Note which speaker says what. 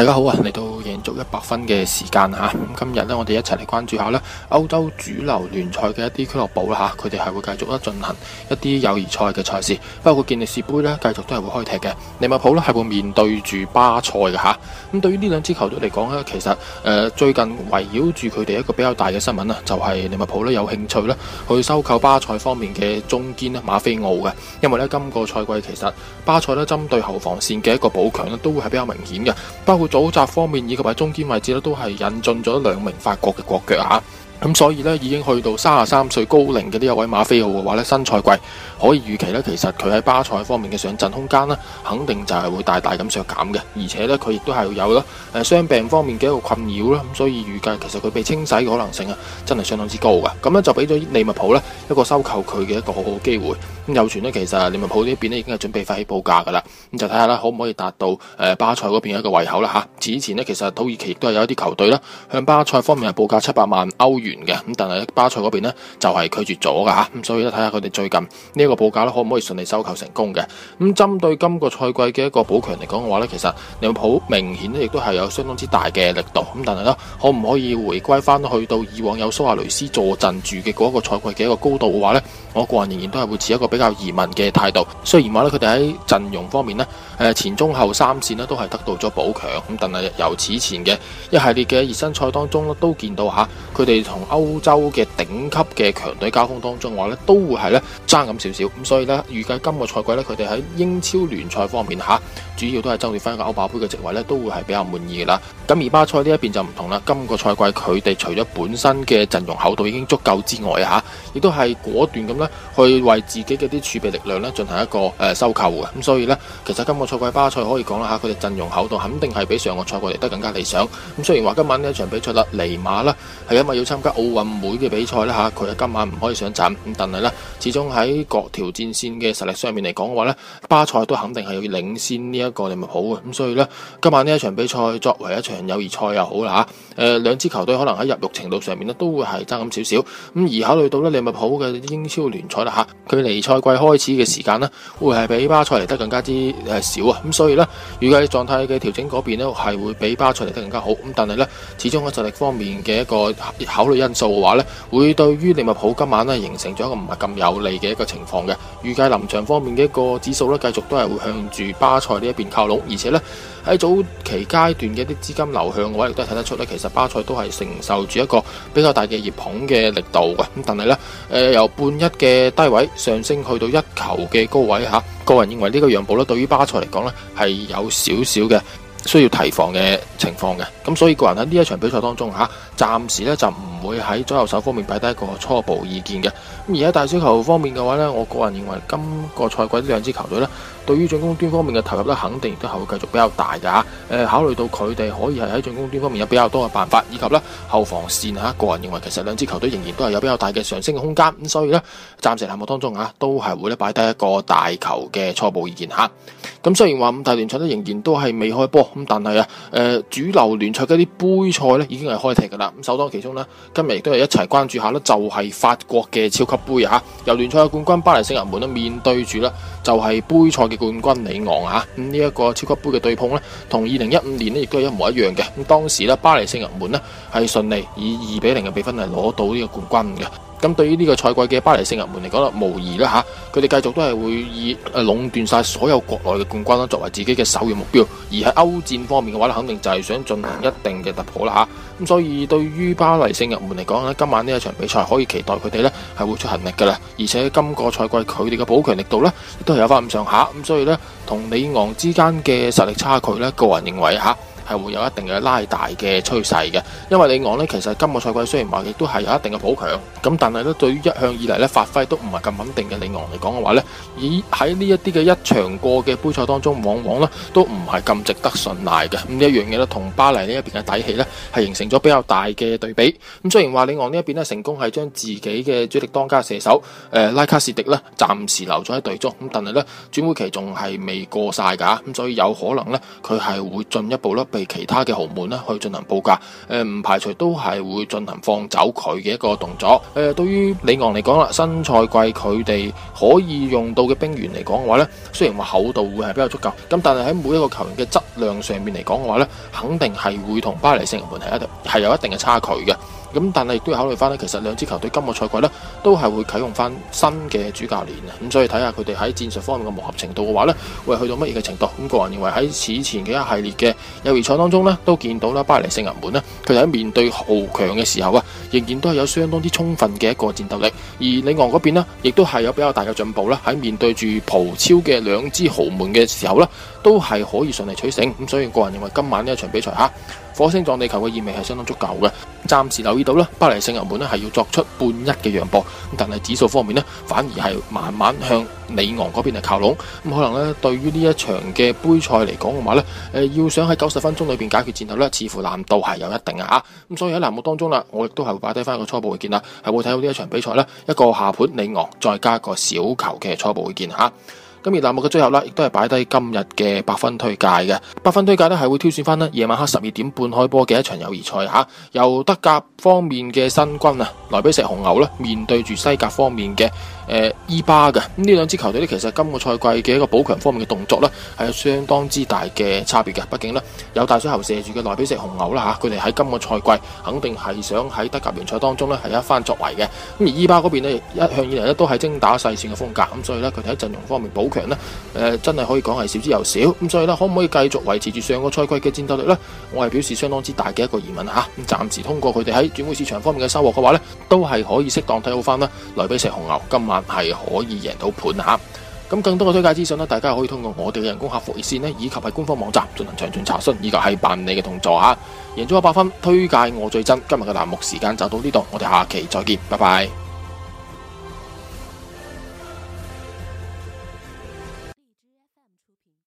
Speaker 1: 大家好啊，嚟到。足一百分嘅時間吓，咁今日呢，我哋一齊嚟關注一下咧歐洲主流聯賽嘅一啲俱樂部啦吓，佢哋係會繼續咧進行一啲友誼賽嘅賽事，包括健力士杯呢，繼續都係會開踢嘅。利物浦呢係會面對住巴塞嘅吓，咁對於呢兩支球隊嚟講呢，其實誒、呃、最近圍繞住佢哋一個比較大嘅新聞就係、是、利物浦呢有興趣咧去收購巴塞方面嘅中堅馬菲奧嘅，因為呢，今個賽季其實巴塞咧針對後防線嘅一個補強都會係比較明顯嘅，包括組織方面以及。中間位置咧都係引進咗兩名法國嘅國腳吓。咁所以呢，已經去到三十三歲高齡嘅呢一位馬菲奧嘅話呢，新賽季可以預期呢，其實佢喺巴塞方面嘅上陣空間呢，肯定就係會大大咁削減嘅。而且呢，佢亦都係有啦，誒傷病方面嘅一個困擾啦。咁所以預計其實佢被清洗嘅可能性啊，真係相當之高噶。咁呢，就俾咗利物浦呢一個收購佢嘅一個好好機會。咁有傳呢，其實利物浦呢一邊已經係準備發起報價噶啦。咁就睇下啦，可唔可以達到誒巴塞嗰邊一個胃口啦吓，此前呢，其實土耳其亦都係有一啲球隊啦，向巴塞方面係報價七百萬歐元。嘅咁，但係巴塞嗰邊呢，就係拒絕咗噶吓，咁所以咧，睇下佢哋最近呢一個報價咧可唔可以順利收購成功嘅？咁針對今個賽季嘅一個補強嚟講嘅話呢，其實你好明顯呢，亦都係有相當之大嘅力度。咁但係呢，可唔可以回歸翻去到以往有蘇亞雷斯坐鎮住嘅嗰一個賽季嘅一個高度嘅話呢，我個人仍然都係會持一個比較疑問嘅態度。雖然話呢，佢哋喺陣容方面呢，誒前中後三線呢都係得到咗補強。咁但係由此前嘅一系列嘅熱身賽當中都見到吓，佢哋同歐洲嘅頂級嘅強隊交鋒當中，話呢，都會係呢爭咁少少，咁所以呢，預計今個賽季呢，佢哋喺英超聯賽方面吓，主要都係爭奪翻個歐霸杯嘅席位呢都會係比較滿意噶啦。咁而巴塞呢一邊就唔同啦，今個賽季佢哋除咗本身嘅陣容厚度已經足夠之外吓，亦都係果斷咁呢，去為自己嘅啲儲備力量呢進行一個誒收購嘅。咁所以呢，其實今個賽季巴塞可以講啦吓，佢哋陣容厚度肯定係比上個賽季嚟得更加理想。咁雖然話今晚呢一場比賽啦，尼馬啦係因為要參加。奧運會嘅比賽咧吓，佢係今晚唔可以上陣咁，但係呢，始終喺各條戰線嘅實力上面嚟講嘅話呢，巴塞都肯定係要領先呢一個利物浦嘅。咁，所以呢，今晚呢一場比賽作為一場友誼賽又好啦吓，誒兩支球隊可能喺入肉程度上面咧都會係爭咁少少咁，而考慮到呢利物浦嘅英超聯賽啦吓，佢離賽季開始嘅時間呢，會係比巴塞嚟得更加之少啊，咁所以咧預計狀態嘅調整嗰邊呢，係會比巴塞嚟得，得更加好，咁但係呢，始終喺實力方面嘅一個考慮。因素嘅話呢，會對於利物浦今晚呢形成咗一個唔係咁有利嘅一個情況嘅。預計臨場方面嘅一個指數呢繼續都係會向住巴塞呢一邊靠攏。而且呢，喺早期階段嘅啲資金流向嘅話，亦都睇得出呢，其實巴塞都係承受住一個比較大嘅熱捧嘅力度嘅。咁但係呢，誒、呃、由半一嘅低位上升去到一球嘅高位吓、啊，個人認為呢個讓步呢對於巴塞嚟講呢，係有少少嘅需要提防嘅情況嘅。咁所以個人喺呢一場比賽當中吓、啊，暫時呢就唔。會喺左右手方面擺低一個初步意見嘅。咁而喺大小球方面嘅話呢，我個人認為今個賽季呢兩支球隊呢，對於進攻端方面嘅投入呢，肯定都係會繼續比較大嘅吓。考慮到佢哋可以係喺進攻端方面有比較多嘅辦法，以及呢後防線吓，個人認為其實兩支球隊仍然都係有比較大嘅上升嘅空間。咁所以呢，暫時項目當中吓，都係會擺低一個大球嘅初步意見吓。咁雖然話五大聯賽都仍然都係未開波，咁但係啊，誒主流聯賽嗰啲杯賽呢已經係開踢噶啦。咁首當其衝呢今日亦都係一齊關注下呢就係法國嘅超級杯啊，由聯賽嘅冠軍巴黎聖人門啦面對住呢就係杯賽嘅冠軍里昂啊，咁呢一個超級杯嘅對碰呢同二零一五年咧亦都係一模一樣嘅，咁當時咧巴黎聖人門咧係順利以二比零嘅比分係攞到呢個冠軍嘅。咁對於呢個賽季嘅巴黎聖日門嚟講無無疑啦，佢哋繼續都係會以誒壟斷晒所有國內嘅冠軍啦，作為自己嘅首要目標，而喺歐戰方面嘅話，肯定就係想進行一定嘅突破啦，咁所以對於巴黎聖日門嚟講呢，今晚呢一場比賽可以期待佢哋呢係會出行力㗎啦，而且今個賽季佢哋嘅補強力度呢都係有翻咁上下咁，所以呢，同里昂之間嘅實力差距呢，個人認為嚇。係會有一定嘅拉大嘅趨勢嘅，因為李昂呢，其實今個賽季雖然話亦都係有一定嘅補強，咁但係呢，對於一向以嚟咧發揮都唔係咁穩定嘅李昂嚟講嘅話呢，以喺呢一啲嘅一場過嘅杯賽當中，往往呢都唔係咁值得信賴嘅。咁呢一樣嘢呢，同巴黎呢一邊嘅底氣呢係形成咗比較大嘅對比。咁雖然話李昂呢一邊咧成功係將自己嘅主力當家射手誒拉卡士迪呢暫時留咗喺隊中，咁但係呢轉會期仲係未過晒噶，咁所以有可能呢，佢係會進一步咧。其他嘅豪門咧，去進行報價，誒、呃、唔排除都係會進行放走佢嘅一個動作。誒、呃，對於里昂嚟講啦，新賽季佢哋可以用到嘅兵員嚟講嘅話咧，雖然話厚度會係比較足夠，咁但係喺每一個球員嘅質量上面嚟講嘅話咧，肯定係會同巴黎聖日門係一係有一定嘅差距嘅。咁但係亦都要考慮翻咧，其實兩支球隊今個賽季咧。都係會啟用翻新嘅主教練啊，咁所以睇下佢哋喺戰術方面嘅磨合程度嘅話呢，會去到乜嘢嘅程度？咁個人認為喺此前嘅一系列嘅友誼賽當中呢，都見到啦，巴黎聖日門呢，佢哋喺面對豪強嘅時候啊，仍然都係有相當之充分嘅一個戰鬥力。而里昂嗰邊呢，亦都係有比較大嘅進步啦，喺面對住葡超嘅兩支豪門嘅時候呢，都係可以順利取勝。咁所以個人認為今晚呢一場比賽吓，火星撞地球嘅意味係相當足夠嘅。暫時留意到啦，巴黎聖日門呢，係要作出半一嘅讓步。但係指數方面呢，反而係慢慢向里昂嗰邊係靠攏。咁、嗯、可能咧，對於呢一場嘅杯賽嚟講嘅話咧，誒，要想喺九十分鐘裏邊解決戰鬥呢，似乎難度係有一定嘅吓。咁、啊、所以喺欄目當中啦，我亦都係會擺低翻一個初步意見啦，係會睇到呢一場比賽呢，一個下盤里昂再加一個小球嘅初步意見吓。啊今日欄目嘅最後呢，亦都係擺低今日嘅百分推介嘅。百分推介呢，係會挑選翻呢夜晚黑十二點半開波嘅一場友誼賽吓，由德甲方面嘅新軍啊萊比錫紅牛啦面對住西甲方面嘅誒伊巴嘅。咁呢兩支球隊呢，其實今個賽季嘅一個補強方面嘅動作呢係有相當之大嘅差別嘅。畢竟呢，有大水喉射住嘅萊比錫紅牛啦吓，佢哋喺今個賽季肯定係想喺德甲聯賽當中呢，係一番作為嘅。咁、啊、而伊巴嗰邊呢，一向以嚟呢都係精打細算嘅風格，咁所以呢，佢哋喺陣容方面強咧，誒、呃，真係可以講係少之又少。咁所以呢，可唔可以繼續維持住上個賽季嘅戰鬥力呢？我係表示相當之大嘅一個疑問吓。咁、啊、暫時通過佢哋喺轉會市場方面嘅收穫嘅話呢，都係可以適當睇好翻啦。萊比錫紅牛今晚係可以贏到盤吓。咁、啊、更多嘅推介資訊咧，大家可以通過我哋嘅人工客服熱線咧，以及係官方網站進行詳盡查詢，以及係辦理嘅動作吓。贏咗100分，推介我最真。今日嘅欄目時間就到呢度，我哋下期再見，拜拜。